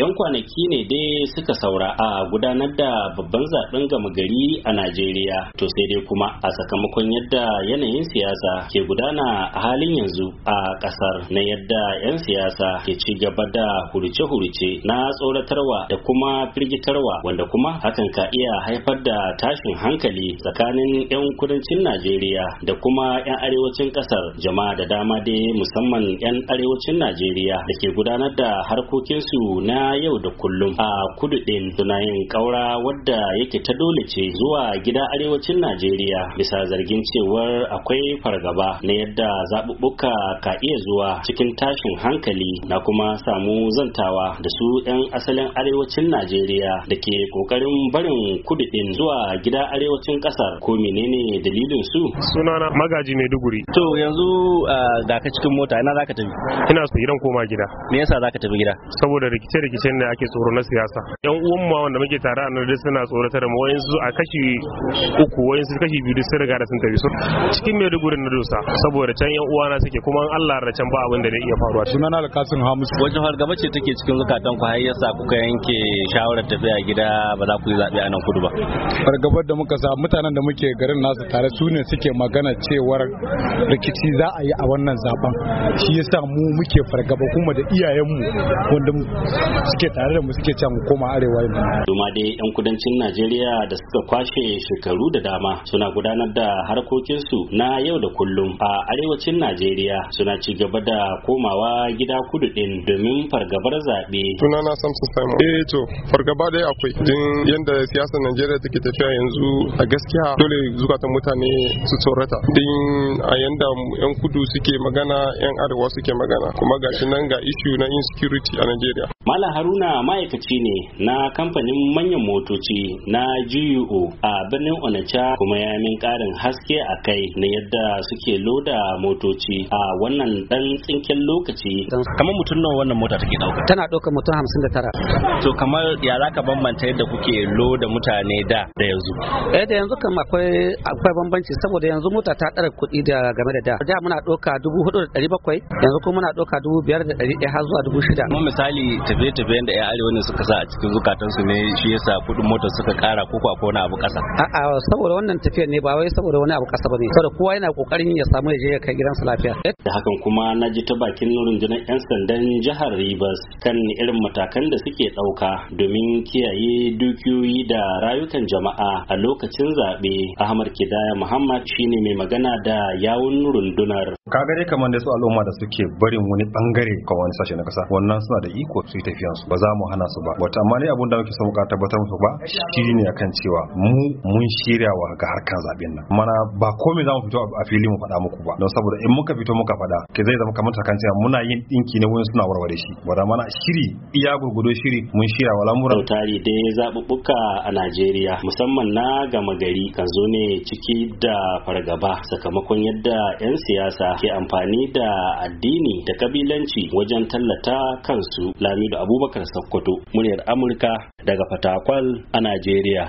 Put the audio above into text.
'Yan kwanaki ne dai suka saura a gudanar da babban zaben gama gari a Najeriya, to sai dai kuma a sakamakon yadda yanayin siyasa ke gudana a halin yanzu a ƙasar na yadda 'yan siyasa ke ci gaba da hurice-hurice na tsoratarwa da kuma firgitarwa wanda kuma hakan ka iya haifar da tashin hankali tsakanin 'yan kudancin Najeriya da kuma 'yan arewacin ƙasar jama'a da dama dai musamman 'yan arewacin Najeriya da ke gudanar da harkokinsu na na yau da kullum a kudu ɗin suna yin ƙaura wadda yake ta dole ce zuwa gida arewacin Najeriya bisa zargin cewar akwai fargaba na yadda zaɓuɓɓuka ka iya zuwa cikin tashin hankali na kuma samu zantawa da su 'yan asalin arewacin Najeriya da ke ƙoƙarin barin kudu ɗin zuwa gida arewacin ƙasar ko menene dalilin su? Sunana magaji Maiduguri. To yanzu ah, ga ka cikin mota ina za ka tafi? Ina so gidan koma gida. Me yasa za ka tafi gida? Saboda rikice rikice da ake tsoro na siyasa yan uwan mu wanda muke tare a nan dai suna tsorata da mu su a kashi uku su kashi biyu da sun riga da sun tafi so cikin Maiduguri na dosa saboda can yan uwana suke kuma Allah da can ba abin da zai iya faruwa sunana alkasin hamus wajen fargaba ce take cikin zukatan ku har yasa kuka yanke shawarar tafiya gida ba za ku yi zabe a nan kudu ba fargabar da muka sa mutanen da muke garin nasu tare su ne suke magana cewar rikici za a yi a wannan zaben shi yasa mu muke fargaba kuma da iyayenmu wanda suke tare da mu suke mu koma arewa Duma dai yan kudancin Najeriya da suka kwashe shekaru da dama suna gudanar da harkokinsu na yau da kullum a arewacin Najeriya suna ci gaba da komawa gida kudu din domin fargabar zaɓe. Sunana Samson Simon. Eh to fargaba dai akwai din yanda siyasar Najeriya take tafiya yanzu a gaskiya dole zukatan mutane su tsorata din a yanda yan kudu suke magana yan arewa suke magana kuma gashi nan ga issue na insecurity a Najeriya. Mala Haruna ma'aikaci ne na kamfanin manyan motoci na GUO a birnin Onitsha kuma ya min ƙarin haske a kai na yadda suke loda motoci a wannan ɗan tsinken lokaci. Kamar mutum nawa wannan mota take ɗauka? Tana ɗauka mutum hamsin da tara. To kamar ya za ka bambanta yadda kuke loda mutane da da yanzu? Eh da yanzu kam akwai akwai bambanci saboda yanzu mota ta ɗara kuɗi da game da da. Da muna ɗauka dubu hudu da ɗari bakwai yanzu kuma muna ɗauka dubu biyar da ɗari ɗaya har zuwa dubu shida. Kuma misali tafiye-tafiyen da 'yan arewa ne suka sa a cikin zukatansu ne shi yasa kuɗin mota suka kara ko kwa wani abu ƙasa. A'a saboda wannan tafiyar ne ba wai saboda wani abu kasa ba ne saboda kowa yana kokarin ya samu ya je ya kai gidansa lafiya. Da hakan kuma na ji ta bakin nurin rundunar 'yan sandan jihar Rivers kan irin matakan da suke ɗauka domin kiyaye dukiyoyi da rayukan jama'a a lokacin zaɓe. Ahmad Kidaya Muhammad shine mai magana da yawun rundunar. ka ga dai kamar da su al'umma da suke barin wani bangare ko wani sashe na kasa wannan suna da iko su yi tafiyan su ba za mu hana su ba wata amma ne abin da muke son ka tabbatar musu ba shine akan cewa mu mun shiryawa ga harkan zaben nan mana ba komai za mu fito a fili mu fada muku ba don saboda in muka fito muka faɗa ke zai zama kamar takan cewa muna yin dinki ne wani suna warware shi da mana shiri iya gurgudo shiri mun shirya wa lamura. tari dai zaɓuɓɓuka a Najeriya musamman na gama gari kan zo ne ciki da fargaba sakamakon yadda 'yan siyasa ke amfani da addini da kabilanci wajen tallata kansu Lamido Abubakar Sokoto muryar Amurka daga Fatakwal a Najeriya